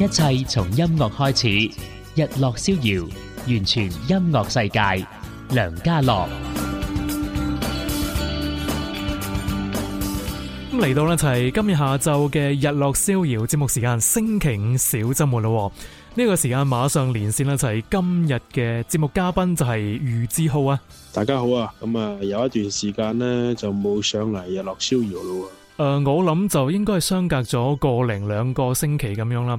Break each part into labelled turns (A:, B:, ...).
A: 一切從音樂開始，日樂逍遙，完全音樂世界。梁嘉樂，咁嚟到咧就係今日下晝嘅日樂逍遙節目時間，星期五小周末咯。呢、這個時間馬上連線咧就係今日嘅節目嘉賓就係俞志浩啊！
B: 大家好啊！咁啊有一段時間呢，就冇上嚟日樂逍遙咯。誒、
A: 呃，我諗就應該係相隔咗個零兩個星期咁樣啦。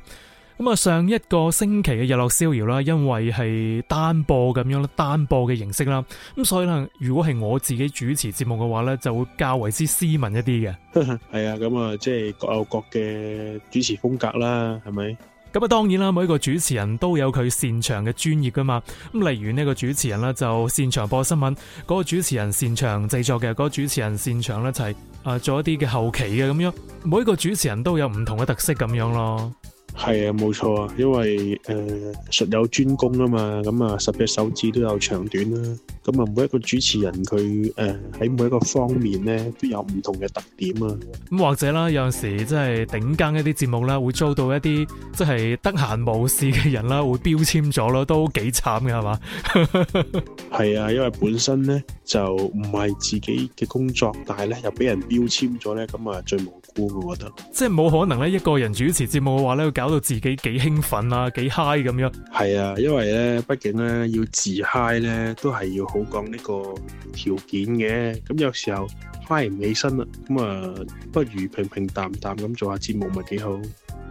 A: 咁啊，上一個星期嘅日落逍遙啦，因為係單播咁樣啦，單播嘅形式啦，咁所以呢，如果係我自己主持節目嘅話呢，就會較為之斯文一啲嘅。係 啊，咁、嗯、啊，
B: 即係各有各
A: 嘅主持風格啦，係咪？咁啊、嗯，當然啦，每一個主持人都有佢擅長嘅專業噶嘛。咁例如呢個主持人啦，就擅長播新聞；嗰、那個主持人擅長製作嘅；嗰、那個主持人擅長呢就係啊，做一啲嘅後期嘅咁樣。每一個主持人都有唔同嘅特色咁樣咯。
B: 係啊，冇錯啊，因為誒術有專攻啊嘛，咁啊十隻手指都有長短啦，咁啊每一個主持人佢誒喺每一個方面咧都有唔同嘅特點啊，
A: 咁或者啦有陣時即係頂更一啲節目咧會遭到一啲即係得閒無事嘅人啦會標籤咗咯，都幾慘嘅，係嘛？
B: 係啊，因為本身咧就唔係自己嘅工作，但係咧又俾人標籤咗咧，咁啊最無。我得
A: 即係冇可能咧，一個人主持節目嘅話咧，要搞到自己幾興奮啊，幾嗨 i g h 咁樣。係啊，
B: 因為咧，畢竟咧要自嗨，i 咧，都係要好講呢個條件嘅。咁有時候嗨唔起身啦，咁啊，不如平平淡淡咁做下節目，咪幾好。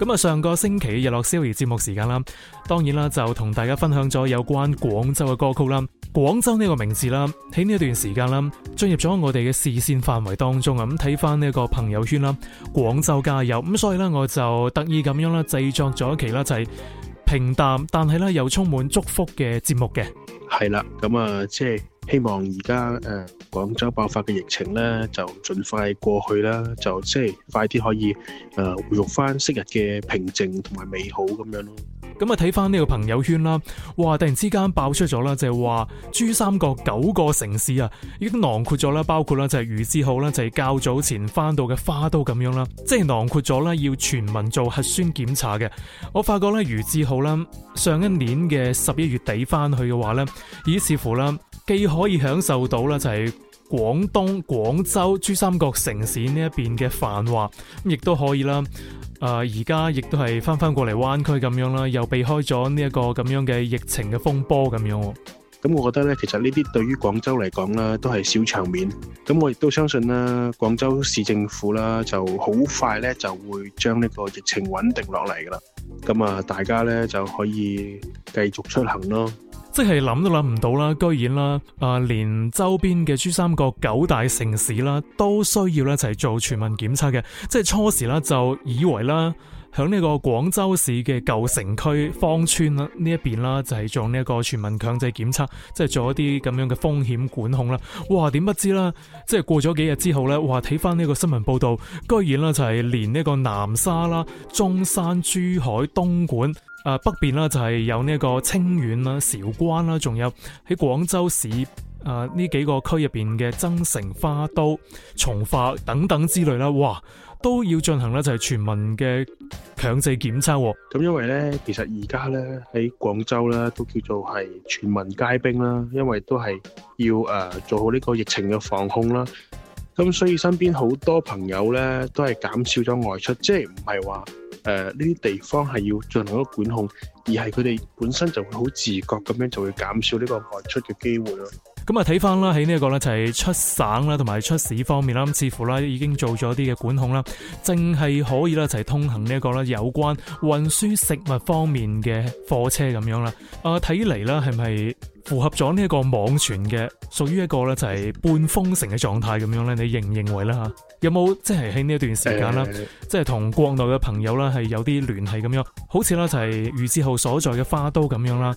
A: 咁啊，上個星期日落 s h o 節目時間啦，當然啦，就同大家分享咗有關廣州嘅歌曲啦。廣州呢個名字啦，喺呢段時間啦，進入咗我哋嘅視線範圍當中啊！咁睇翻呢個朋友圈啦，廣州加油！咁所以呢，我就特意咁樣啦製作咗一期啦，就係平淡但係呢又充滿祝福嘅節目嘅。
B: 係啦，咁啊即係。希望而家誒廣州爆發嘅疫情咧，就盡快過去啦，就即係快啲可以誒、呃、回復翻昔日嘅平靜同埋美好咁樣咯。
A: 咁啊，睇翻呢個朋友圈啦，哇！突然之間爆出咗啦，就係話珠三角九個城市啊，已經囊括咗啦，包括啦就係俞志浩啦，就係較早前翻到嘅花都咁樣啦，即係囊括咗啦，要全民做核酸檢查嘅。我發覺咧，俞志浩啦，上一年嘅十一月底翻去嘅話咧，已經似乎啦。既可以享受到啦，就係廣東廣州珠三角城市呢一邊嘅繁華，咁亦都可以啦。誒、呃，而家亦都係翻翻過嚟灣區咁樣啦，又避開咗呢一個咁樣嘅疫情嘅風波咁樣。
B: 咁、嗯、我覺得咧，其實呢啲對於廣州嚟講啦，都係小場面。咁我亦都相信啦，廣州市政府啦，就好快咧就會將呢個疫情穩定落嚟噶啦。咁啊，大家咧就可以繼續出行咯。
A: 即係諗都諗唔到啦，居然啦，啊連周邊嘅珠三角九大城市啦，都需要咧一齊做全民檢測嘅。即係初時咧就以為啦，響呢個廣州市嘅舊城區、芳村啦呢一邊啦，就係做呢一個全民強制檢測，即係做一啲咁樣嘅風險管控啦。哇，點不知啦，即係過咗幾日之後咧，哇睇翻呢個新聞報道，居然啦就係連呢個南沙啦、中山、珠海、東莞。啊，北邊啦就係有呢個清遠啦、韶關啦，仲有喺廣州市啊呢、呃、幾個區入邊嘅增城花、花都、從化等等之類啦，哇，都要進行呢，就係全民嘅強制檢測。咁因為呢，其實而家呢，喺廣州呢，
B: 都叫做係全民皆兵啦，因為都係要誒、呃、做好呢個疫情嘅防控啦。咁所以身邊好多朋友呢，都係減少咗外出，即係唔係話。誒呢啲地方係要進行一個管控，而係佢哋本身就會好自覺咁樣就會減少呢個外出嘅機會咯。
A: 咁啊，睇翻啦，喺呢一個咧就係出省啦，同埋出市方面啦，咁似乎咧已經做咗啲嘅管控啦，淨係可以啦就係通行呢一個咧有關運輸食物方面嘅貨車咁樣啦。啊，睇嚟啦係咪？符合咗呢一個網傳嘅，屬於一個咧就係半封城嘅狀態咁樣咧，你認唔認為咧吓？有冇即係喺呢一段時間啦，哎、即係同國內嘅朋友啦係有啲聯繫咁樣？好似啦就係俞志浩所在嘅花都咁樣啦，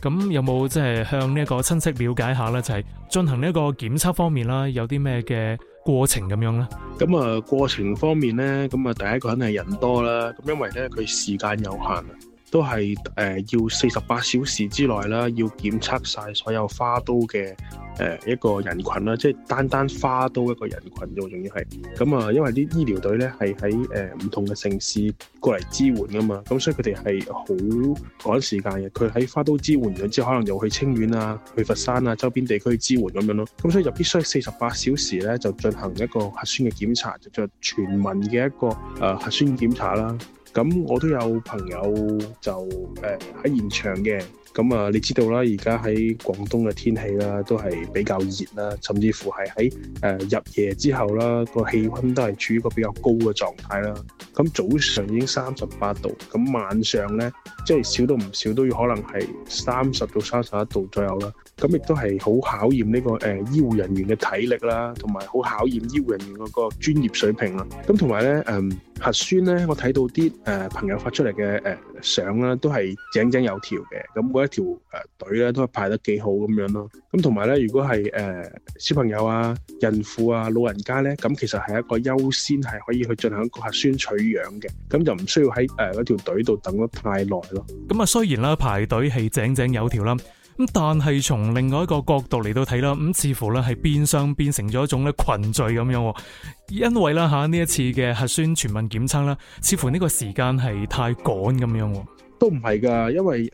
A: 咁有冇即係向呢一個親戚了解下咧？就係、是、進行呢一個檢測方面啦，有啲咩嘅過程咁樣咧？
B: 咁啊，過程方面咧，咁啊，第一個肯定係人多啦，咁因為咧佢時間有限。都係誒、呃、要四十八小時之內啦，要檢測晒所有花都嘅誒一個人群，啦，即係單單花都一個人群，就仲要係咁啊！因為啲醫療隊咧係喺誒唔同嘅城市過嚟支援噶嘛，咁、嗯、所以佢哋係好趕時間嘅。佢喺花都支援咗之後，可能又去清遠啊、去佛山啊、周邊地區支援咁樣咯。咁、嗯、所以就必須四十八小時咧就進行一個核酸嘅檢查，就做、是、全民嘅一個誒、呃、核酸檢查啦。咁我都有朋友就誒喺、呃、現場嘅。咁啊、嗯，你知道啦，而家喺廣東嘅天氣啦，都係比較熱啦，甚至乎係喺誒入夜之後啦，個氣溫都係處於一個比較高嘅狀態啦。咁、嗯、早上已經三十八度，咁、嗯、晚上咧，即係少到唔少都要可能係三十到三十一度左右啦。咁、嗯、亦都係好考驗呢、這個誒、呃、醫護人員嘅體力啦，同埋好考驗醫護人員嗰個專業水平啦。咁同埋咧，誒、嗯、核酸咧，我睇到啲誒、呃、朋友發出嚟嘅誒相啦，呃、都係井井有條嘅，咁、嗯嗯一條誒隊咧都係排得幾好咁樣咯，咁同埋咧，如果係誒小朋友啊、孕婦啊、老人家咧，咁其實係一個優先係可以去進行一個核酸取樣嘅，咁就唔需要喺誒嗰條隊度等得太耐咯。
A: 咁啊，雖然啦排隊係井井有條啦，咁但係從另外一個角度嚟到睇啦，咁似乎咧係變相變成咗一種咧群聚咁樣，因為啦吓呢一次嘅核酸全民檢測啦，似乎呢個時間係太趕咁樣。
B: 都唔係噶，因為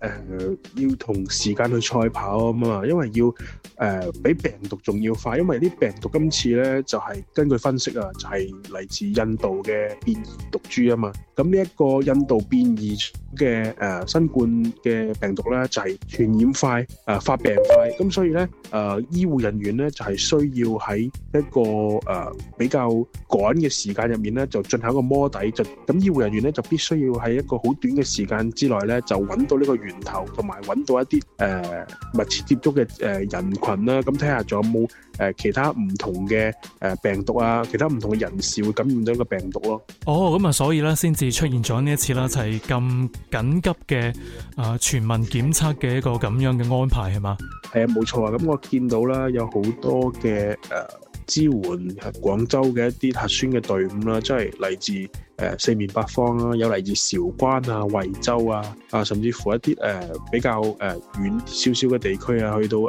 B: 誒要同時間去賽跑啊嘛，因為要誒比病毒仲要快，因為啲病毒今次咧就係根據分析啊，就係嚟自印度嘅變異毒株啊嘛。咁呢一個印度變異嘅誒新冠嘅病毒咧，就係傳染快、誒發病快。咁所以咧誒醫護人員咧就係需要喺一個誒比較趕嘅時間入面咧，就進行一個摸底。就咁醫護人員咧就必須要喺一個好短嘅時間之內，咧就揾到呢個源頭，同埋揾到一啲誒、呃、密切接觸嘅誒人群啦。咁睇下仲有冇誒其他唔同嘅誒病毒啊，其他唔同嘅人士會感染到個病毒
A: 咯。哦，咁啊，所以咧先至出現咗呢一次啦，就係咁緊急嘅啊全民檢測嘅一個咁樣嘅安排係嘛？
B: 係啊，冇錯啊。咁我見到啦，有好多嘅誒。呃支援廣州嘅一啲核酸嘅隊伍啦，即係嚟自誒、呃、四面八方啦，有嚟自韶關啊、惠州啊，啊甚至乎一啲誒、呃、比較誒、呃、遠少少嘅地區啊，去到誒誒、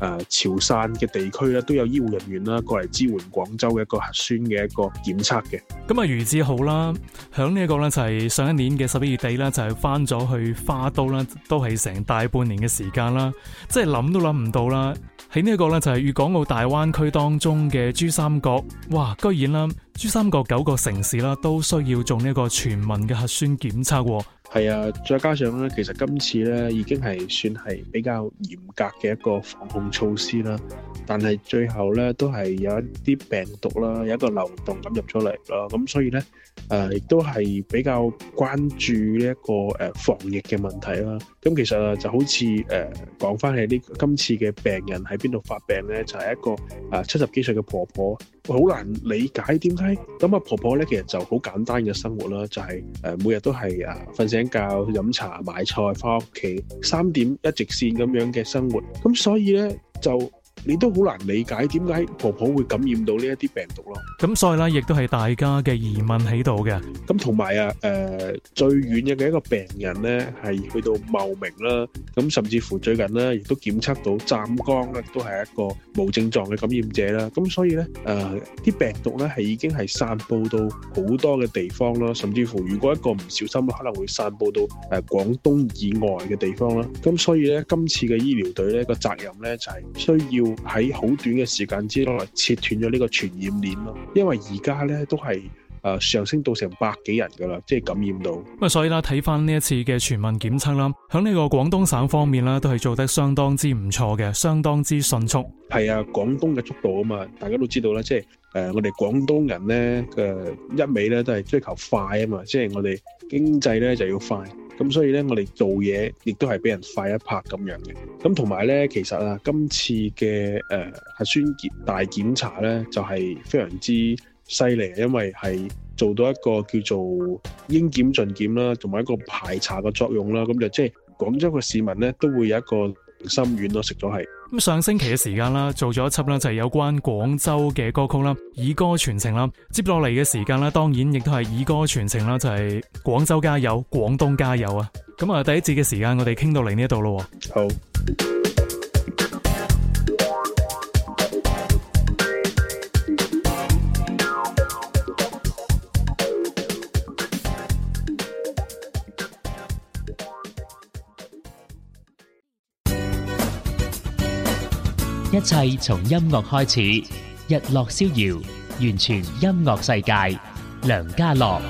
B: 呃、潮汕嘅地區咧、啊，都有醫護人員啦、啊、過嚟支援廣州嘅一個核酸嘅一個檢測嘅。
A: 咁啊，俞志浩啦，響呢一個咧就係、是、上一年嘅十一月底啦，就係翻咗去花都啦，都係成大半年嘅時間啦，即係諗都諗唔到啦。喺呢個咧就係粵港澳大灣區當中嘅珠三角，哇！居然啦，珠三角九個城市啦都需要做呢一個全民嘅核酸檢測喎、哦。
B: 係啊，再加上咧，其實今次咧已經係算係比較嚴格嘅一個防控措施啦。但係最後咧，都係有一啲病毒啦，有一個流動咁入咗嚟啦。咁所以咧，誒亦都係比較關注呢一個誒防疫嘅問題啦。咁其實就好似誒講翻起呢今次嘅病人喺邊度發病咧，就係一個誒七十幾歲嘅婆婆，好難理解點解咁啊，婆婆咧其實就好簡單嘅生活啦，就係誒每日都係誒瞓醒。教飲茶、買菜、翻屋企，三點一直線咁樣嘅生活，咁所以呢就。你都好難理解點解婆婆會感染到呢一啲病毒咯？
A: 咁所以啦，亦都係大家嘅疑問喺度嘅。咁同埋啊，誒、呃，最遠嘅一個病人呢係去到茂名啦。咁甚至乎
B: 最近呢，亦都檢測到湛江咧，都係一個無症狀嘅感染者啦。咁所以呢，誒、呃，啲病毒呢係已經係散布到好多嘅地方咯。甚至乎，如果一個唔小心可能會散布到誒呃、廣東以外嘅地方啦。咁所以呢，今次嘅醫療隊呢個責任呢，就係需要。喺好短嘅時間之內切斷咗呢個傳染鏈咯，因為而家咧都係誒、呃、上升到成百幾人噶啦，即係感染到。咁
A: 啊，所以啦，睇翻呢一次嘅全民檢測啦，喺呢個廣東省方面咧，都係做得相當之唔錯嘅，相當之迅速。
B: 係啊，廣東嘅速度啊嘛，大家都知道啦，即係誒、呃、我哋廣東人咧嘅、呃、一味咧都係追求快啊嘛，即係我哋經濟咧就要快。咁所以咧，我哋做嘢亦都係俾人快一拍咁樣嘅。咁同埋咧，其實啊，今次嘅誒、呃、核酸檢大檢查咧，就係、是、非常之犀利，因為係做到一個叫做應檢盡檢啦，同埋一個排查嘅作用啦。咁就即係廣州嘅市民咧，都會有一個。心軟都食咗係，
A: 咁、嗯、上星期嘅時間啦，做咗一輯啦，就係、是、有關廣州嘅歌曲啦，以歌傳情啦。接落嚟嘅時間啦，當然亦都係以歌傳情啦，就係、是、廣州加油，廣東加油啊！咁、嗯、啊、嗯，第一節嘅時間我哋傾到嚟呢一度咯。好。一切從音樂開始，日落逍遙，完全音樂世界。梁嘉樂，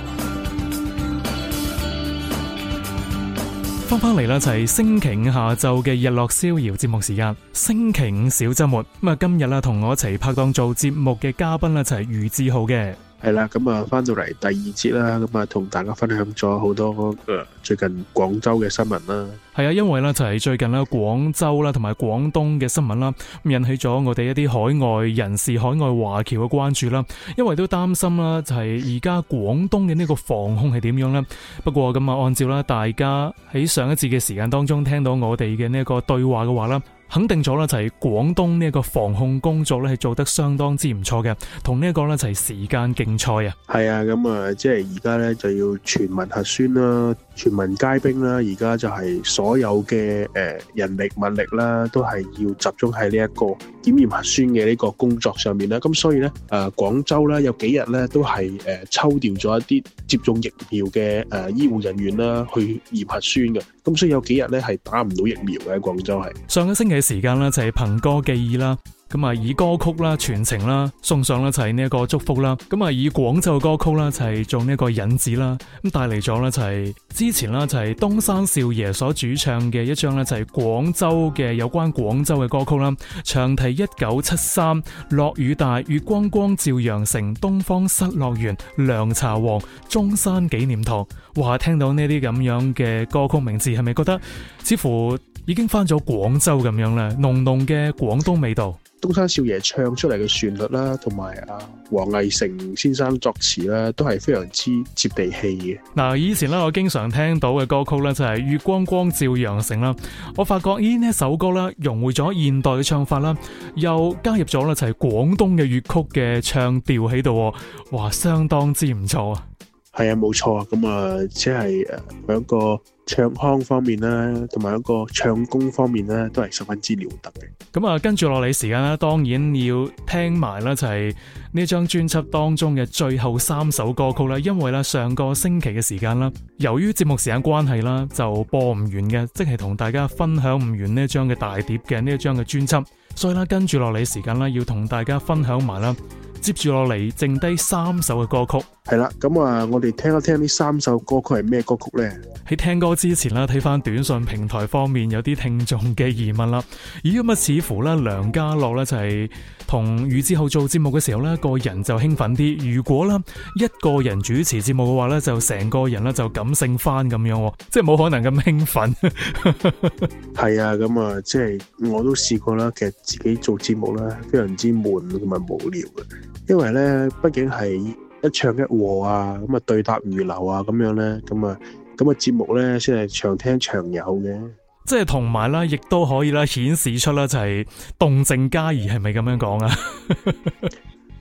A: 翻返嚟啦，齊、就係、星期五下晝嘅日落逍遙節目時間。星期五小周末，咁啊，今日啊同我一齊拍檔做節目嘅嘉賓啊，就係俞志浩嘅。
B: 係啦，咁啊，翻到嚟第二節啦，咁啊，同大家分享咗好多誒最近廣州嘅新聞啦。
A: 係啊，因為咧就係最近咧廣州啦，同埋廣東嘅新聞啦，引起咗我哋一啲海外人士、海外華僑嘅關注啦。因為都擔心啦，就係而家廣東嘅呢個防控係點樣呢？不過咁啊，按照啦，大家喺上一節嘅時間當中聽到我哋嘅呢個對話嘅話啦。肯定咗啦，就係廣東呢一個防控工作咧係做得相當之唔錯嘅，同呢一個咧就係時間競賽啊。
B: 係啊，咁啊，即係而家咧就要全民核酸啦，全民皆兵啦，而家就係所有嘅誒人力物力啦，都係要集中喺呢一個檢驗核酸嘅呢個工作上面啦。咁所以咧，誒、呃、廣州咧有幾日咧都係誒抽調咗一啲接種疫苗嘅誒醫護人員啦去驗核酸嘅，咁所以有幾日咧係打唔到疫苗嘅，廣州係
A: 上個星期。嘅時間呢，就係憑歌寄意啦，咁啊以歌曲啦，全程啦送上呢，就係呢一個祝福啦，咁啊以廣州歌曲啦，就係做呢一個引子啦，咁帶嚟咗呢，就係之前啦就係東山少爺所主唱嘅一張呢就係廣州嘅有關廣州嘅歌曲啦，長堤一九七三，落雨大，月光光照羊城，東方失樂園，涼茶王，中山紀念堂，哇，聽到呢啲咁樣嘅歌曲名字，係咪覺得似乎？已經翻咗廣州咁樣啦，濃濃嘅廣東味道。
B: 東山少爺唱出嚟嘅旋律啦，同埋阿黃毅成先生作詞啦，都係非常之接地氣嘅。
A: 嗱，以前咧我經常聽到嘅歌曲咧就係、是《月光光照羊城》啦。我發覺咦，呢首歌咧融匯咗現代嘅唱法啦，又加入咗咧就係廣東嘅粵曲嘅唱調喺度，哇，相當之唔錯啊！
B: 係啊，冇錯啊，咁啊即係誒兩個，唱腔方面呢，同埋一個唱功方面呢，都係十分之了得嘅。
A: 咁啊，跟住落嚟時間咧，當然要聽埋啦，就係呢張專輯當中嘅最後三首歌曲啦。因為咧，上個星期嘅時間啦，由於節目時間關係啦，就播唔完嘅，即係同大家分享唔完呢一張嘅大碟嘅呢一張嘅專輯。所以啦，跟住落嚟時間啦，要同大家分享埋啦，接住落嚟剩低三首嘅歌曲。係啦，咁啊，我哋聽一
B: 聽呢三首歌曲係咩歌曲
A: 呢？喺聽歌之前啦，睇翻短信平台方面有啲聽眾嘅疑問啦。咦，咁啊，似乎咧梁嘉樂，咧就係同俞志浩做節目嘅時候咧，個人就興奮啲。如果咧一個人主持節目嘅話咧，就成個人咧就感性翻咁樣，即係冇可能咁興奮。
B: 係 啊，咁啊，即係我都試過啦。其實自己做節目咧，非常之悶同埋無聊嘅，因為咧，畢竟係。一唱一和啊，咁啊對答如流啊，咁樣咧，咁啊，咁啊節目咧先係長聽長有嘅，
A: 即係同埋啦，亦都可以啦，顯示出啦就係動靜皆宜係咪咁樣講啊？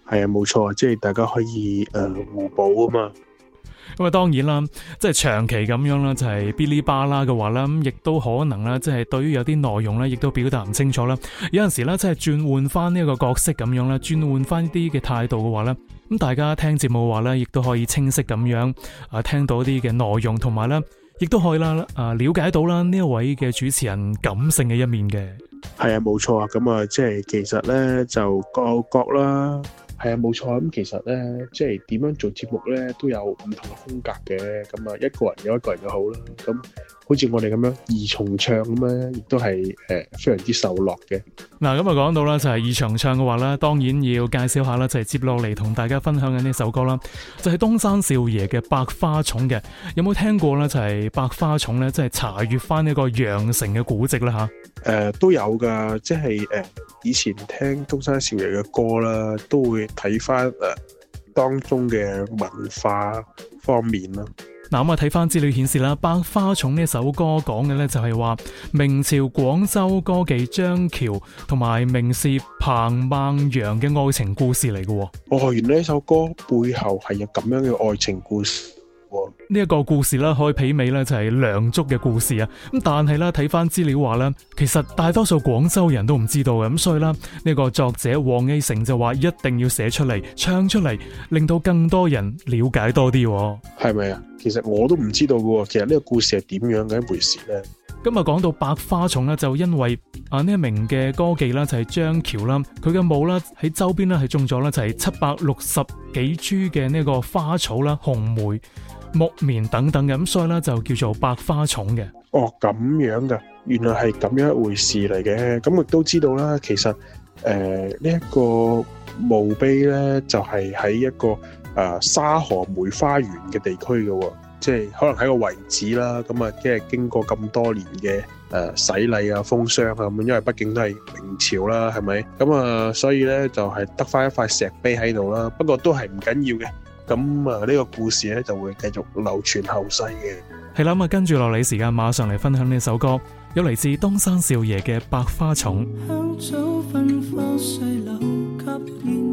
B: 係 啊，冇錯，即、就、係、是、大家可以誒、呃、互補啊嘛。
A: 咁啊，當然啦，即係長期咁樣啦，就係、是、嗶哩吧啦嘅話啦，咁亦都可能啦，即係對於有啲內容咧，亦都表達唔清楚啦。有陣時咧，即係轉換翻呢一個角色咁樣啦，轉換翻啲嘅態度嘅話咧。咁大家聽節目話咧，亦都可以清晰咁樣啊，聽到啲嘅內容，同埋咧，亦都可以啦啊，了解到啦呢一位嘅主持人感性嘅一面嘅，
B: 係啊，冇錯啊，咁啊，即係其實咧就各有各啦。係冇錯，咁其實咧，即係點樣做節目咧，都有唔同嘅風格嘅。咁啊，一個人有一個人嘅好啦。咁好似我哋咁樣二重唱咁咧，亦都係誒、呃、非常之受落嘅。
A: 嗱、啊，咁啊講到啦，就係二重唱嘅話咧，當然要介紹下啦，就係、是、接落嚟同大家分享緊呢首歌啦，就係、是、東山少爺嘅《百花重》嘅。有冇聽過咧？就係《百花重》呢咧，即係查閲翻呢個羊城嘅古籍啦嚇。
B: 誒、呃，都有噶，即係誒、呃，以前聽東山少爺嘅歌啦，都會睇翻誒當中嘅文化方面咯。嗱、嗯，
A: 咁啊睇翻資料顯示啦，《百花塚》呢首歌講嘅咧就係話明朝廣州歌妓張喬同埋名士彭孟陽嘅愛情故事嚟嘅。
B: 我原、哦、完呢首歌背後係有咁樣嘅愛情故事。
A: 呢一個故事啦，可以媲美啦，就係梁祝嘅故事啊。咁但係啦，睇翻資料話咧，其實大多數廣州人都唔知道嘅。咁所以啦，呢個作者王藝成就話一定要寫出嚟、唱出嚟，令到更多人了解多啲，係咪啊？其實我
B: 都唔知道嘅，其實呢個故事係點樣嘅一回事咧。
A: 今日講到百花叢咧，就因為啊呢一名嘅歌妓啦，就係張喬啦，佢嘅墓啦喺周邊咧係種咗咧就係七百六十幾株嘅呢個花草啦，紅梅、木棉等等嘅，咁所以咧就叫做百花叢嘅。
B: 哦，咁樣噶，原來係咁樣一回事嚟嘅。咁亦都知道啦，其實誒呢一個墓碑咧就係、是、喺一個。啊，沙河梅花園嘅地區嘅、哦，即係可能喺個遺址啦，咁啊，即係經過咁多年嘅誒洗禮啊、風、啊、霜啊，咁因為畢竟都係明朝啦，係咪？咁啊，所以咧就係得翻一塊石碑喺度啦，不過都係唔緊要嘅。咁啊，呢、這個故事咧就會繼續流傳後世嘅。
A: 係啦，咁啊，跟住落嚟時間，馬上嚟分享呢首歌，有嚟自東山少爺嘅《百花叢》。
C: 香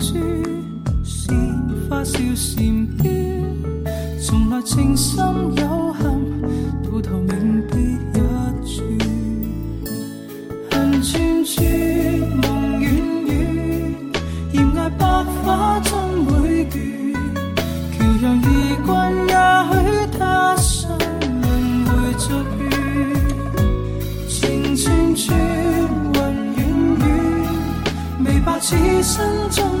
C: 珠鮮花笑嬋娟，從來情深有憾，到頭明白。此生中。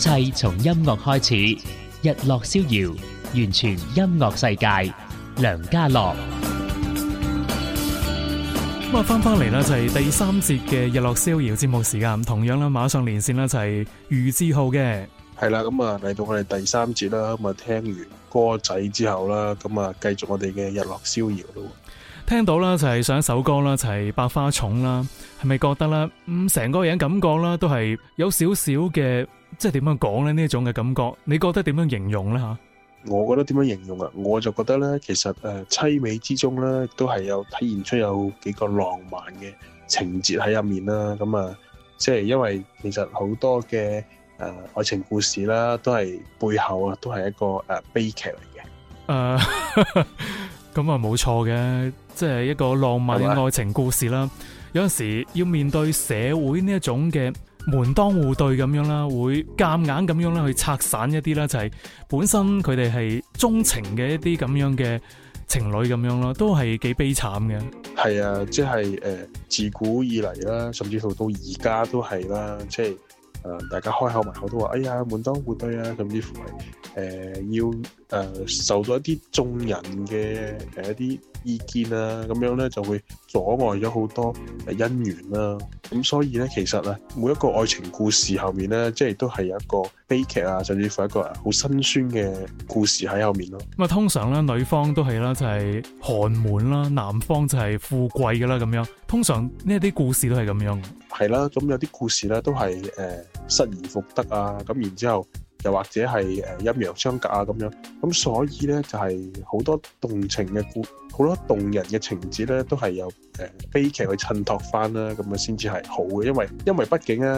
A: 一切從音樂開始，日落逍遙，完全音樂世界。梁嘉樂，咁啊，翻翻嚟啦，就係、是、第三節嘅日落逍遙節目時間。同樣啦，馬上連線啦，就係俞志浩嘅
B: 係啦。咁啊，嚟到我哋第三節啦。咁啊，聽完歌仔之後啦，咁啊，繼續我哋嘅日落逍遙咯。
A: 聽到啦，就係上一首歌啦，就係、是《百花重》啦。係咪覺得咧？咁、嗯、成個人感覺啦，都係有少少嘅。即係點樣講咧？呢一種嘅感覺，你覺得點樣形容咧？吓，
B: 我覺得點樣形容啊？我就覺得咧，其實誒，淒美之中咧，都係有體現出有幾個浪漫嘅情節喺入面啦。咁啊，即係因為其實好多嘅誒愛情故事啦，都係背後啊，都係一個誒悲劇嚟嘅。
A: 誒，咁啊冇錯嘅，即係一個浪漫嘅愛情故事啦。吧有陣時要面對社會呢一種嘅。門當戶對咁樣啦，會夾硬咁樣咧去拆散一啲咧，就係本身佢哋係鍾情嘅一啲咁樣嘅情侶咁樣咯，都係幾悲慘嘅。
B: 係啊，即係誒，自古以嚟啦，甚至乎到而家都係啦，即係。誒、呃，大家開口埋口都話：哎呀，門當戶對啊，甚至乎係，誒、呃，要，誒、呃，受咗一啲眾人嘅，誒、呃，一啲意見啊，咁樣咧就會阻礙咗好多姻緣啦、啊。咁所以咧，其實咧，每一個愛情故事後面咧，即係都係有一個悲劇啊，甚至乎一個好辛酸嘅故事喺後面咯。咁
A: 啊，通常咧，女方都係啦，就係、是、寒門啦，男方就係富貴㗎啦，咁樣，通常呢一啲故事都係咁樣。
B: 係啦，咁有啲故事咧都係誒、呃、失而復得啊，咁然之後又或者係誒陰陽相隔啊咁樣，咁所以咧就係、是、好多動情嘅故，好多動人嘅情節咧都係由誒悲劇去襯托翻啦，咁樣先至係好嘅，因為因為畢竟咧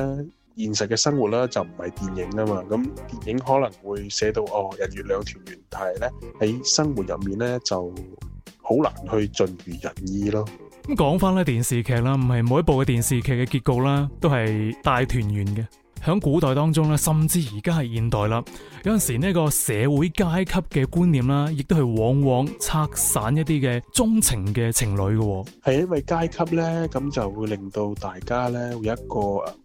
B: 現實嘅生活啦就唔係電影啊嘛，咁、嗯、電影可能會寫到哦人月兩團圓，但係咧喺生活入面咧就好難去盡如人意咯。
A: 咁講翻呢電視劇啦，唔係每一部嘅電視劇嘅結局啦，都係大團圓嘅。喺古代當中咧，甚至而家係現代啦，有陣時呢個社會階級嘅觀念啦，亦都係往往拆散一啲嘅鍾情嘅情侶嘅，
B: 係因為階級咧，咁就會令到大家咧會有一個誒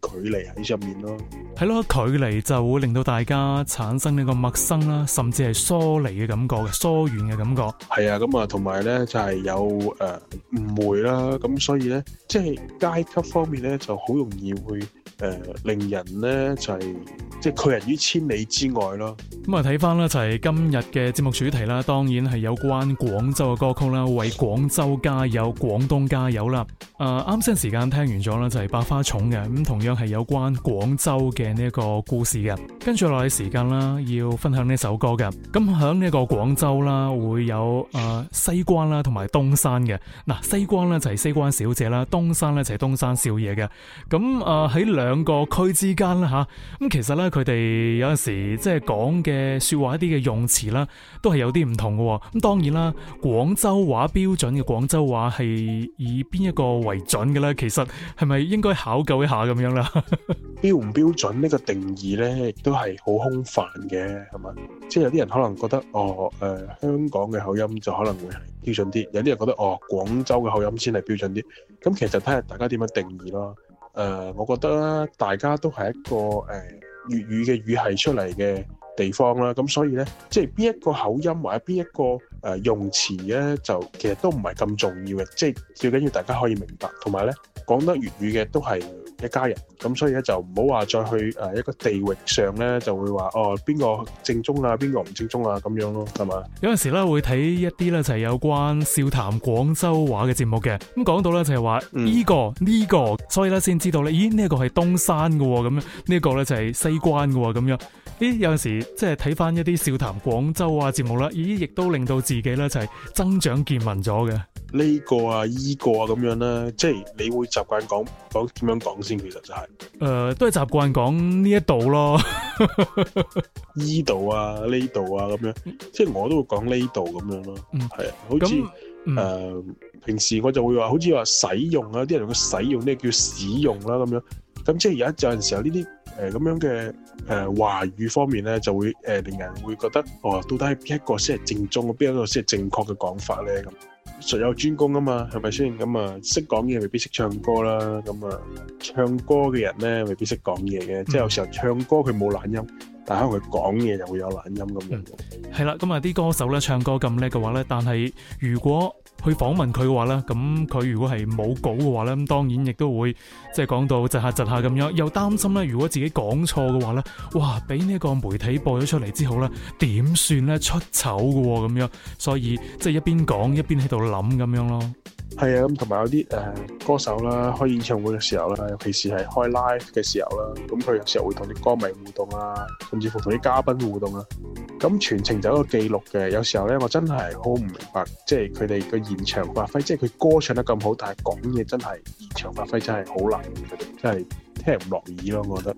B: 距離喺上面咯，
A: 係咯，距離就會令到大家產生呢個陌生啦，甚至係疏離嘅感覺嘅，疏遠嘅感覺。
B: 係啊，咁啊，同埋咧就係、是、有誒誤、呃、會啦，咁所以咧即係階級方面咧就好容易會。誒、呃，令人呢就係即係拒人於千里之外咯。
A: 咁啊、嗯，睇返啦，就係、是、今日嘅節目主題啦，當然係有關廣州嘅歌曲啦，為廣州加油，廣東加油啦。啊、呃，啱先時間聽完咗啦，就係、是《百花重》嘅、嗯，咁同樣係有關廣州嘅呢一個故事嘅。跟住落嚟時間啦，要分享呢首歌嘅。咁響呢個廣州啦，會有啊、呃、西關啦，同埋東山嘅。嗱、呃，西關呢就係、是、西關小姐啦，東山呢就係、是、東山少爺嘅。咁啊喺兩兩個區之間啦，吓咁其實咧，佢哋有陣時即係講嘅說話一啲嘅用詞啦，都係有啲唔同嘅。咁當然啦，廣州話標準嘅廣州話係以邊一個為準嘅咧？其實係咪應該考究一下咁樣啦？ 標
B: 唔標準呢個定義咧，亦都係好空泛嘅，係嘛？即係有啲人可能覺得哦，誒，呃，香港嘅口音就可能會係標準啲；有啲人覺得哦，廣州嘅口音先係標準啲。咁其實睇下大家點樣定義咯。誒，uh, 我覺得啦，大家都係一個誒、呃、粵語嘅語系出嚟嘅地方啦，咁所以咧，即係邊一個口音或者邊一個誒、呃、用詞咧，就其實都唔係咁重要嘅，即係最緊要大家可以明白，同埋咧。講得粵語嘅都係一家人，咁所以咧就唔好話再去誒、呃、一個地域上咧就會話哦邊個正宗啊，邊個唔正宗啊咁樣咯，係嘛？有
A: 陣時咧會睇一啲咧就係有關笑談廣州話嘅節目嘅，咁講到咧就係話呢個呢、嗯這個，所以咧先知道咧，咦呢一、這個係東山嘅咁樣，呢、這、一個咧就係西關嘅咁樣。咦有陣時即係睇翻一啲笑談廣州話節目啦，咦亦都令到自己咧就係增長見聞咗嘅。
B: 呢個啊，依、這個啊，咁樣啦，即係你會習慣講講點樣講先？其實就係、是、誒、
A: 呃，都係習慣講呢一度咯，依
B: 度啊，呢度啊，咁樣，嗯、即係我都會講呢度咁樣咯。係啊、嗯，好似誒、嗯呃，平時我就會話，好似話使用啊，啲人會使用呢叫使用啦、啊，咁樣。咁即係而家有陣時候呢啲誒咁樣嘅誒話語方面咧，就會誒、呃、令人會覺得，哦，到底係邊一個先係正宗，邊一個先係正確嘅講法咧咁。術有專攻啊嘛，係咪先？咁、嗯、啊，識講嘢未必識唱歌啦。咁、嗯、啊，唱歌嘅人咧未必識講嘢嘅，即係有時候唱歌佢冇懶音，但係佢講嘢就會有懶音咁樣。
A: 係啦、嗯，咁啊啲歌手咧唱歌咁叻嘅話咧，但係如果去訪問佢嘅話呢，咁佢如果係冇稿嘅話呢，咁當然亦都會，即係講到窒下窒下咁樣，又擔心呢。如果自己講錯嘅話呢，哇，俾呢個媒體播咗出嚟之後呢，點算呢？出醜嘅喎咁樣，所以即係一邊講一邊喺度諗咁樣咯。係啊，咁
B: 同埋有啲誒、呃、歌手啦，開演唱會嘅時候啦，尤其是係開 live 嘅時候啦，咁佢有時候會同啲歌迷互動啊，甚至乎同啲嘉賓互動啊。咁全程就有一個記錄嘅。有時候呢，我真係好唔明白，即係佢哋嘅現場發揮，即係佢歌唱得咁好，但係講嘢真係現場發揮真係好難，佢哋真係聽唔落耳咯。我覺得。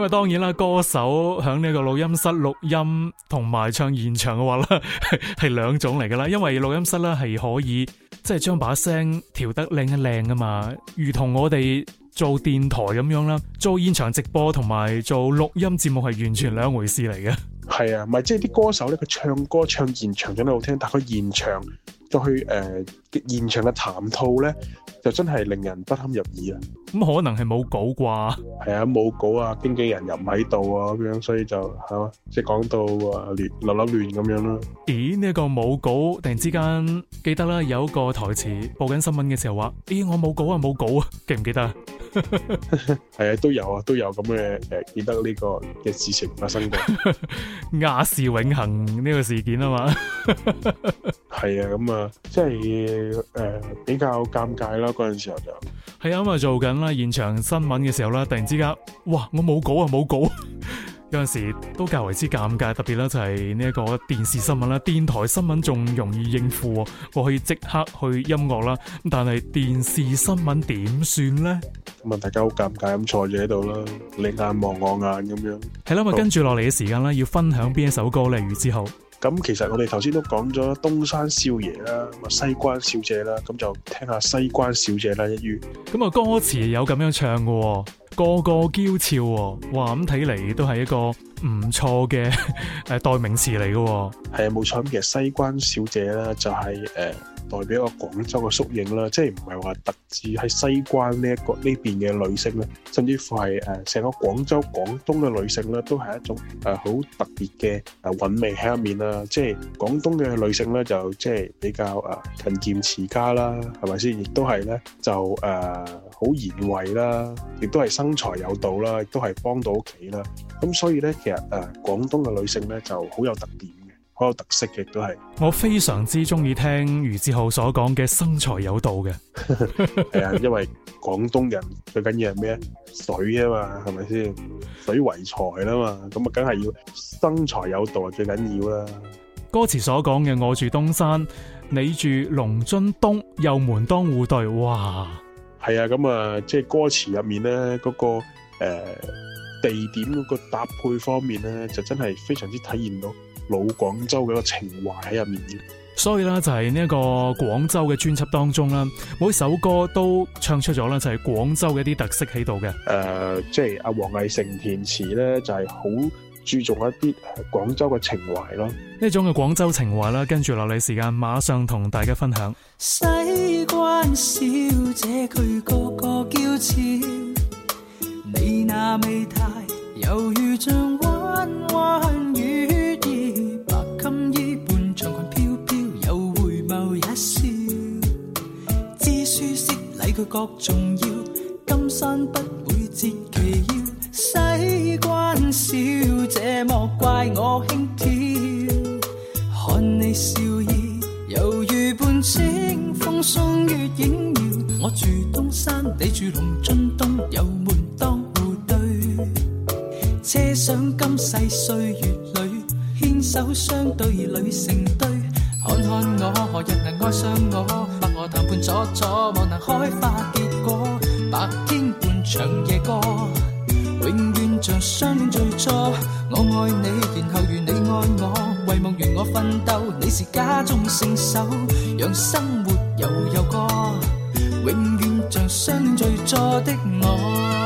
A: 咁啊，當然啦，歌手響呢個錄音室錄音同埋唱現場嘅話啦，係 兩種嚟噶啦，因為錄音室咧係可以。即係將把聲調得靚一靚啊嘛，如同我哋做電台咁樣啦，做現場直播同埋做錄音節目係完全兩回事嚟嘅。
B: 係啊，咪即係啲歌手咧，佢唱歌唱現場真係好聽，但佢現場再去誒、呃、現場嘅談吐咧，就真係令人不堪入耳、嗯、啊！咁
A: 可能係冇稿啩？係啊，
B: 冇稿啊，經紀人又唔喺度啊咁樣，所以就係嘛、啊，即係講到亂亂亂亂啊亂，立立亂咁樣啦。
A: 咦？呢、這個冇稿，突然之間記得啦，有一個台詞，報緊新聞嘅時候話：，咦，我冇稿啊，冇稿啊，記唔記得？
B: 係啊，都有啊，都有咁嘅，誒，記得呢個嘅事情發生過
A: 亞視永恒呢個事件啊，嘛，
B: 係 啊，咁、嗯、啊，即係誒、呃、比較尷尬啦，嗰陣時候就
A: 係啱啊做緊啦，現場新聞嘅時候啦，突然之間，哇，我冇稿啊，冇稿。 有陣時都較為之尷尬，特別咧就係呢一個電視新聞啦，電台新聞仲容易應付，我可以即刻去音樂啦。咁但係電視新聞點算咧？
B: 咁啊，大家好尷尬咁坐住喺度啦，你眼望我眼咁樣。
A: 係啦的，咁啊跟住落嚟嘅時間咧，要分享邊一首歌，俞志浩。
B: 咁其實我哋頭先都講咗東山少爺啦，西關小姐啦，咁就聽下西關小姐啦一於。
A: 咁啊歌詞有咁樣唱嘅、哦，個個嬌俏、哦，哇咁睇嚟都係一個唔錯嘅誒代名詞嚟嘅。
B: 係啊，冇錯，咁其實西關小姐呢、就是，就係誒。代表一個廣州嘅縮影啦，即係唔係話特指喺西關呢一個呢邊嘅女性咧，甚至乎係誒成個廣州廣東嘅女性咧，都係一種誒好特別嘅誒韻味喺入面啦。即係廣東嘅女性咧，就即係比較誒勤儉持家啦，係咪先？亦都係咧就誒好賢惠啦，亦都係生財有道啦，亦都係幫到屋企啦。咁所以咧，其實誒廣東嘅女性咧就好有特點。好有特色嘅都係，
A: 我非常之中意聽俞志浩所講嘅生財有道嘅。
B: 係啊，因為廣東人 最緊要係咩？水啊嘛，係咪先？水為財啦嘛，咁啊，梗係要生財有道啊，最緊要啦。
A: 歌詞所講嘅我住東山，你住龍津東，又門當戶對，哇！
B: 係啊，咁、嗯、啊，即係歌詞入面咧，嗰個誒地點嗰個搭配方面咧，就真係非常之體現到。老廣州嗰個情懷喺入面嘅，
A: 所以啦就係呢一個廣州嘅專輯當中啦，每首歌都唱出咗啦，就係廣州嘅一啲特色喺度嘅。
B: 誒、呃，即係阿黃毅成填詞咧，就係好注重一啲廣州嘅情懷咯。
A: 呢種嘅廣州情懷啦，跟住落嚟時間馬上同大家分享。
B: 西關
C: 小姐，佢個個嬌俏，你那媚態猶如像彎彎。卻覺重要，金山不會折其腰。西關小姐莫怪我輕佻，看你笑意，猶如半清風送月影搖。我住東山，你住龍津東，有門當戶對。車上今世歲月裏，牽手相對而侶成堆。看看我，何日能愛上我？寒談判左左，望能開花結果，白天伴唱夜歌，永遠像相戀最初。我愛你，然後如你愛我，為望完我奮鬥，你是家中聖手，讓生活悠悠過，永遠像相戀最初的我。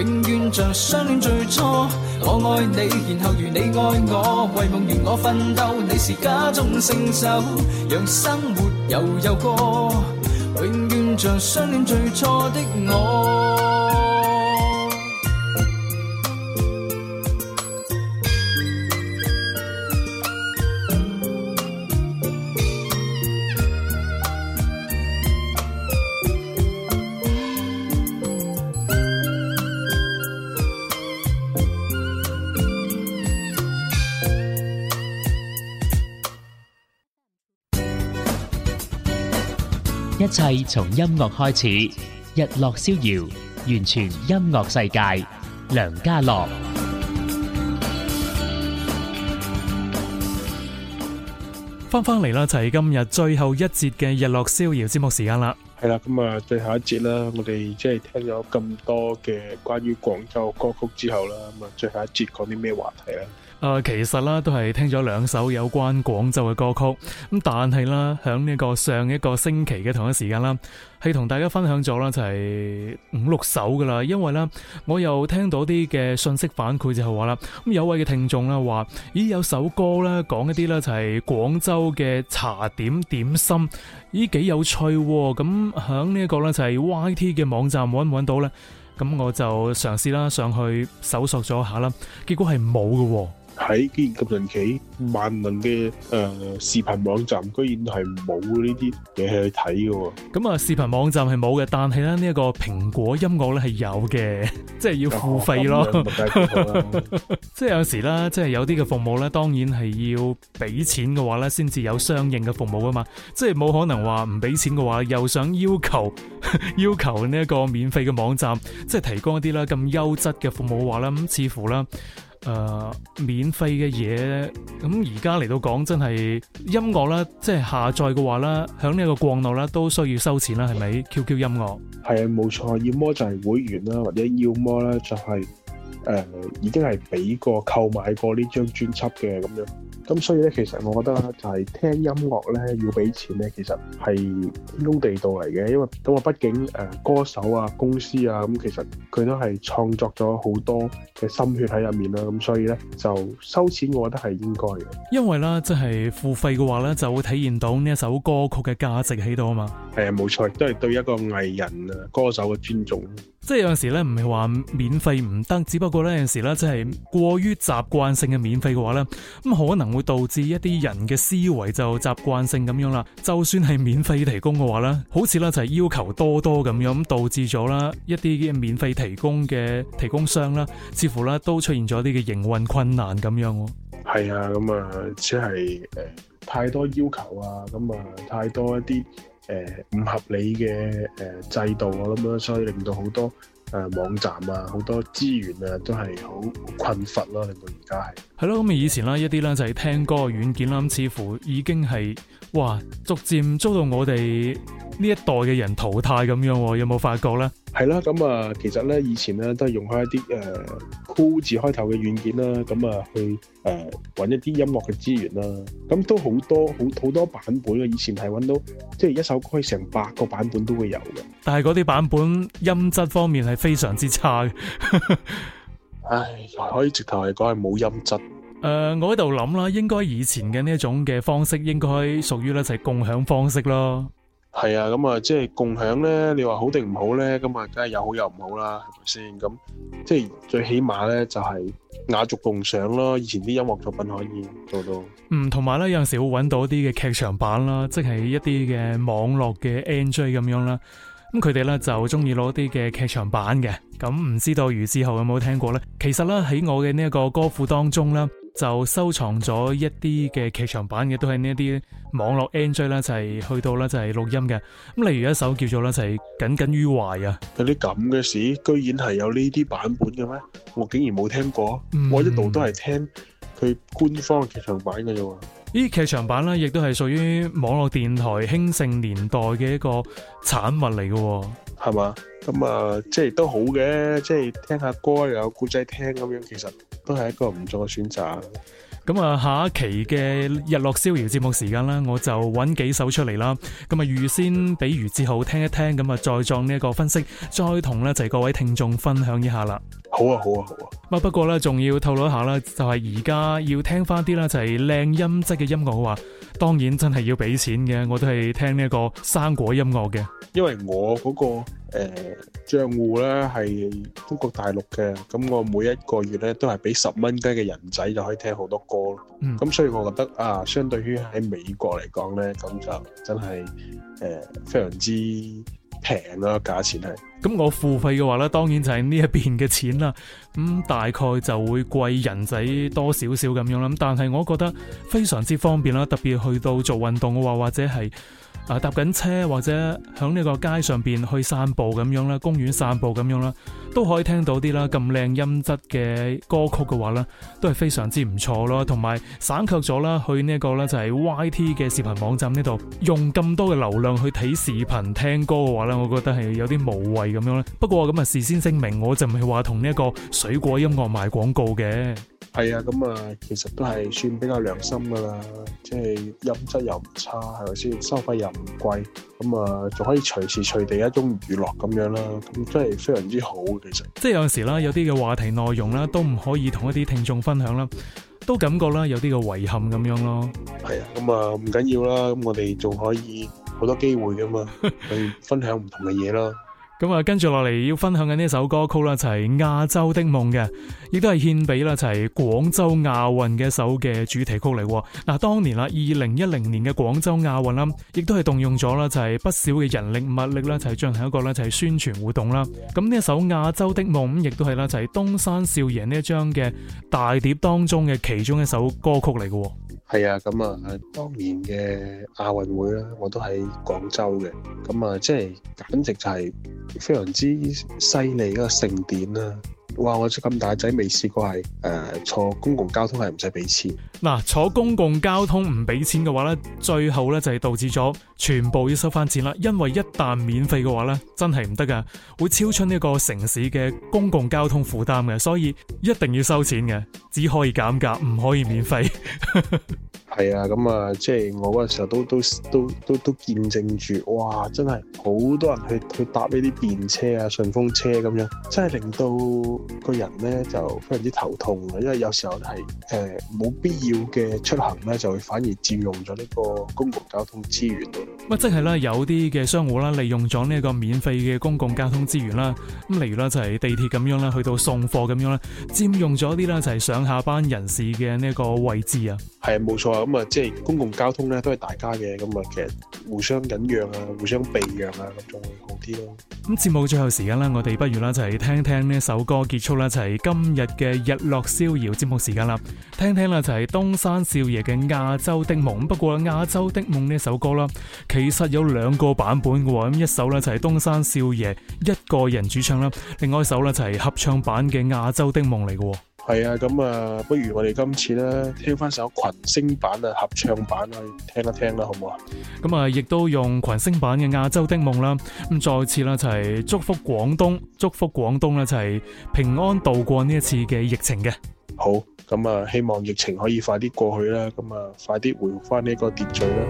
C: 永遠像相戀最初，我愛你，然後如你愛我，為夢如我奮鬥。你是家中聖手，讓生活悠悠過，永遠像相戀最初的我。
A: 一切從音樂開始，日落逍遙，完全音樂世界。梁嘉樂翻返嚟啦，就係今日最後一節嘅日落逍遙節目時間啦。
B: 係啦，咁啊，最後一節啦，我哋即係聽咗咁多嘅關於廣州歌曲之後啦，咁啊，最後一節講啲咩話題咧？
A: 誒、呃，其實啦，都係聽咗兩首有關廣州嘅歌曲，咁但係啦，響呢一個上一個星期嘅同一時間啦，係同大家分享咗啦，就係、是、五六首噶啦。因為呢，我又聽到啲嘅信息反饋就係話啦，咁、嗯、有位嘅聽眾呢話，咦，有首歌呢講一啲呢，就係廣州嘅茶點點心，咦，幾有趣、啊。咁響呢一個咧就係 Y T 嘅網站，搵唔搵到呢？咁我就嘗試啦上去搜索咗下啦，結果係冇嘅。
B: 喺竟然咁近期，萬能嘅誒、呃、視頻網站居然係冇，哦、呢啲嘢去睇嘅。
A: 咁、這個、啊，視頻網站係冇嘅，但係咧呢一個蘋果音樂咧係有嘅，即係要付費咯。即係有時啦，即係有啲嘅服務咧，當然係要俾錢嘅話咧，先至有相應嘅服務啊嘛。即係冇可能話唔俾錢嘅話，又想要求 要求呢一個免費嘅網站，即係提供一啲啦咁優質嘅服務嘅話啦。咁似乎啦。誒，uh, 免費嘅嘢，咁而家嚟到講真係音樂啦，即係下載嘅話咧，響呢一個國內咧都需要收錢啦，係咪？QQ 音樂？
B: 係啊，冇錯，要麼就係會員啦，或者要麼咧就係、是、誒、呃，已經係俾過購買過呢張專輯嘅咁樣。咁所以咧，其實我覺得咧，就係聽音樂咧要俾錢咧，其實係天公地道嚟嘅。因為咁啊，畢竟誒、呃、歌手啊、公司啊，咁、嗯、其實佢都係創作咗好多嘅心血喺入面啦。咁所以咧，就收錢，我覺得係應該嘅。
A: 因為啦，即、就、係、是、付費嘅話咧，就會體現到呢一首歌曲嘅價值喺度啊嘛。
B: 係啊，冇錯，都係對一個藝人啊、歌手嘅尊重。
A: 即係有陣時咧，唔係話免費唔得，只不過呢，有陣時咧，即係過於習慣性嘅免費嘅話咧，咁可能會導致一啲人嘅思維就習慣性咁樣啦。就算係免費提供嘅話咧，好似咧就係要求多多咁樣，導致咗啦一啲嘅免費提供嘅提供商啦，似乎咧都出現咗啲嘅營運困難咁樣。
B: 係啊，咁啊，即係誒太多要求啊，咁啊太多一啲。誒唔、呃、合理嘅誒、呃、制度啊咁樣，所以令到好多誒、呃、網站啊、好多資源啊都係好困乏咯。令到而家
A: 係係咯，咁以前啦，一啲啦就係聽歌嘅軟件啦，咁似乎已經係嘩，逐漸遭到我哋呢一代嘅人淘汰咁樣喎。有冇發覺咧？
B: 係啦，咁啊、嗯，其實咧以前咧都係用開一啲誒酷字開頭嘅軟件啦，咁、嗯、啊去誒搵、呃、一啲音樂嘅資源啦，咁、嗯、都好多好好多版本啊，以前係搵到即係一首歌成百個版本都會有嘅。
A: 但係嗰啲版本音質方面係非常之差
B: 嘅。 唉，可以直頭係講係冇音質。
A: 誒、呃，我喺度諗啦，應該以前嘅呢一種嘅方式，應該屬於咧就係共享方式咯。係啊，咁啊，即係
B: 共享咧。你話好定唔好咧？咁啊，梗係有好有唔好啦，係咪先？咁即係最起碼咧，就係雅俗共賞咯。以前啲音樂作品可以做到。嗯，
A: 同埋咧，有陣時會搵到一啲嘅劇場版啦，即係一啲嘅網絡嘅 NJ 咁樣啦。咁佢哋咧就中意攞啲嘅劇場版嘅。咁唔知道俞志浩有冇聽過咧？其實咧喺我嘅呢一個歌庫當中咧，就收藏咗一啲嘅劇場版嘅，都係呢一啲網絡 N J 啦，就係去到啦，就係錄音嘅。咁例如一首叫做啦，就係《耿耿於懷》啊，
B: 有啲咁嘅事，居然係有呢啲版本嘅咩？我竟然冇聽過，嗯、我一度都係聽佢官方嘅劇場版嘅啫喎。呢
A: 啲劇場版咧，亦都係屬於網絡電台興盛年代嘅一個產物嚟嘅，係嘛？咁啊，
B: 即係都好嘅，即係聽下歌又有古仔聽咁樣，其實。都係一個唔錯嘅選擇。
A: 咁啊，下一期嘅日落逍遙節目時間啦，我就揾幾首出嚟啦。咁啊，預先俾俞志浩聽一聽，咁啊，再做呢一個分析，再同呢就係、是、各位聽眾分享一下啦。
B: 好啊，好啊，
A: 好啊。不過呢，仲要透露一下啦，就係而家要聽翻啲啦，就係靚音質嘅音樂好啊。當然真係要俾錢嘅，我都係聽呢一個生果音樂嘅，
B: 因為我嗰、那個誒賬戶呢係中國大陸嘅，咁我每一個月呢都係俾十蚊雞嘅人仔就可以聽好多歌，咁、嗯、所以我覺得啊，相對於喺美國嚟講呢，咁就真係誒、呃、非常之平咯，價錢係。
A: 咁我付費嘅話呢，當然就係呢一邊嘅錢啦。咁、嗯、大概就會貴人仔多少少咁樣啦。但係我覺得非常之方便啦，特別去到做運動嘅話，或者係啊搭緊車或者喺呢個街上邊去散步咁樣啦，公園散步咁樣啦，都可以聽到啲啦咁靚音質嘅歌曲嘅話呢，都係非常之唔錯咯。同埋省卻咗啦去呢一個呢就係 YT 嘅視頻網站呢度用咁多嘅流量去睇視頻聽歌嘅話呢，我覺得係有啲無謂。咁樣咧，不過咁啊，事先聲明，我就唔係話同呢一個水果音樂賣廣告嘅。
B: 係啊，咁啊，其實都係算比較良心噶啦，即係音質又唔差，係咪先？收費又唔貴，咁啊，仲可以隨時隨地一種娛樂咁樣啦。咁真係非常之好，其實。即
A: 係有陣時啦，有啲嘅話題內容啦，都唔可以同一啲聽眾分享啦，都感覺啦有啲嘅遺憾咁樣咯。
B: 係啊，咁啊唔緊要啦，咁我哋仲可以好多機會噶嘛，去分享唔同嘅嘢啦。
A: 咁啊，跟住落嚟要分享嘅呢首歌曲啦、就是，就係《亞洲的夢》嘅，亦都係獻俾啦，就係廣州亞運嘅一首嘅主題曲嚟。嗱，當年啦，二零一零年嘅廣州亞運啦，亦都係動用咗啦，就係不少嘅人力物力啦，就係、是、進行一個咧，就係宣傳活動啦。咁呢一首《亞洲的夢》亦都係啦，是就係東山少爺呢一張嘅大碟當中嘅其中一首歌曲嚟嘅。
B: 係啊，咁啊，當年嘅亞運會啦，我都喺廣州嘅，咁啊，即係簡直就係非常之犀利個盛典啦，啊。哇！我咁大個仔未試過，係誒坐公共交通係唔使俾錢。
A: 嗱，坐公共交通唔俾錢嘅話呢，最後呢，就係導致咗全部要收翻錢啦。因為一旦免費嘅話呢，真係唔得噶，會超出呢個城市嘅公共交通負擔嘅，所以一定要收錢嘅，只可以減價，唔可以免費。 係
B: 啊，咁啊，即係我嗰個時候都都都都都見證住，哇，真係好多人去去搭呢啲便車啊、順風車咁樣，真係令到個人咧就非常之頭痛嘅，因為有時候係誒冇必要嘅出行咧，就會反而佔用咗呢個公共交通資源咯。
A: 乜、嗯、即係咧？有啲嘅商戶啦，利用咗呢一個免費嘅公共交通資源啦，咁例如咧就係地鐵咁樣啦，去到送貨咁樣啦，佔用咗啲咧就係上下班人士嘅呢個位置啊。
B: 係啊，冇錯啊。咁啊，即係公共交通咧，都係大家嘅。咁啊，其實互相忍讓啊，互相避讓啊，咁仲
A: 會好啲咯。咁節目嘅最後時間啦，我哋不如啦就係聽聽呢首歌結束啦，就係今日嘅日落逍遙節目時間啦，聽聽啦就係東山少爺嘅《亞洲的夢》。不過《亞洲的夢》呢首歌啦，其實有兩個版本嘅。咁一首咧就係東山少爺一個人主唱啦，另外一首咧就係合唱版嘅《亞洲的夢》嚟嘅。
B: 係啊，咁啊，不如我哋今次咧聽翻首群星版啊，合唱版去聽一聽啦，好唔好啊？
A: 咁啊，亦都用群星版嘅《亞洲的夢》啦，咁再次啦一齊祝福廣東，祝福廣東啦一齊平安渡過呢一次嘅疫情嘅。
B: 好，咁啊，希望疫情可以快啲過去啦，咁啊，快啲回翻呢個秩序啦。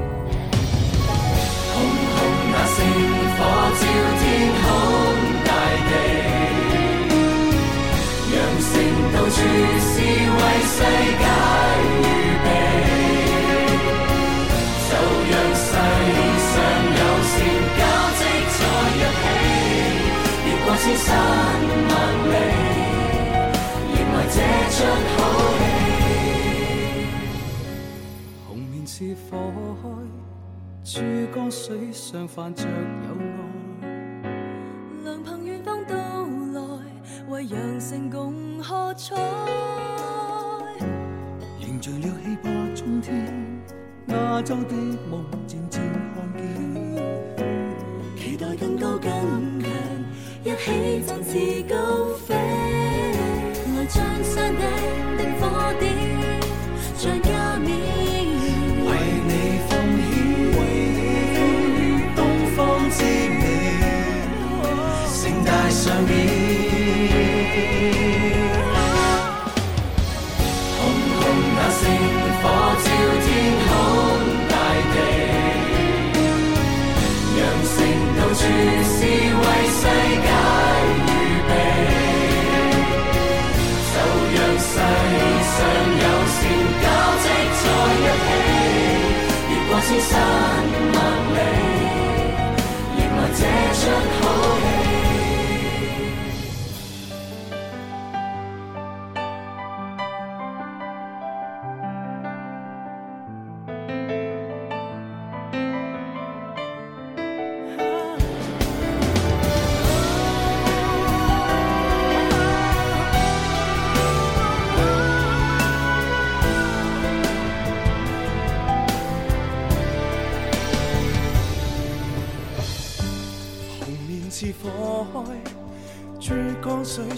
B: 紅紅
D: 留住是為世界預備，就讓世上友善交織在一起，越過千山萬里，
C: 連埋這出好戲。紅棉似火開，珠江水上泛着友愛，良朋遠方到來，為讓成凝聚了氣魄沖天，那洲的夢漸漸看見，期待更高更強，一起振翅高飛，
D: 來將山頂的火點。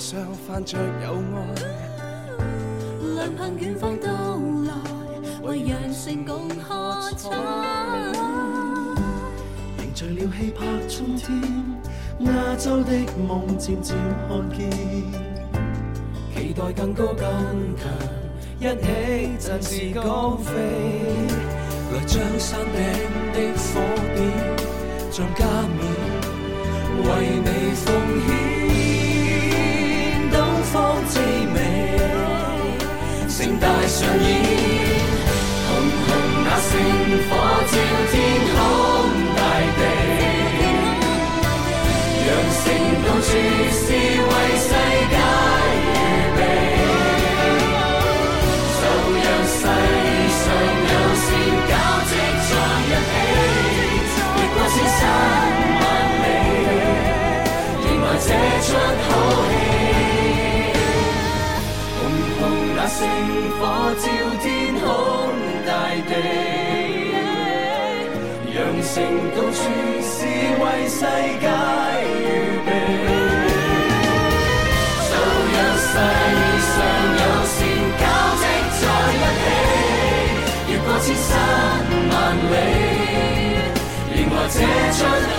D: 上泛着有
C: 愛，良朋遠方到來，為羊城共喝彩。凝聚了氣魄，春天亞洲的夢漸漸看見，期待更高更強，一起振翅高飛。來將山頂的火點像加冕，
D: 為你奉獻。再上演，紅紅那星火。 情到處是為世界預備，就讓 世上友善交織在一起，越 過千山萬里，連結這春。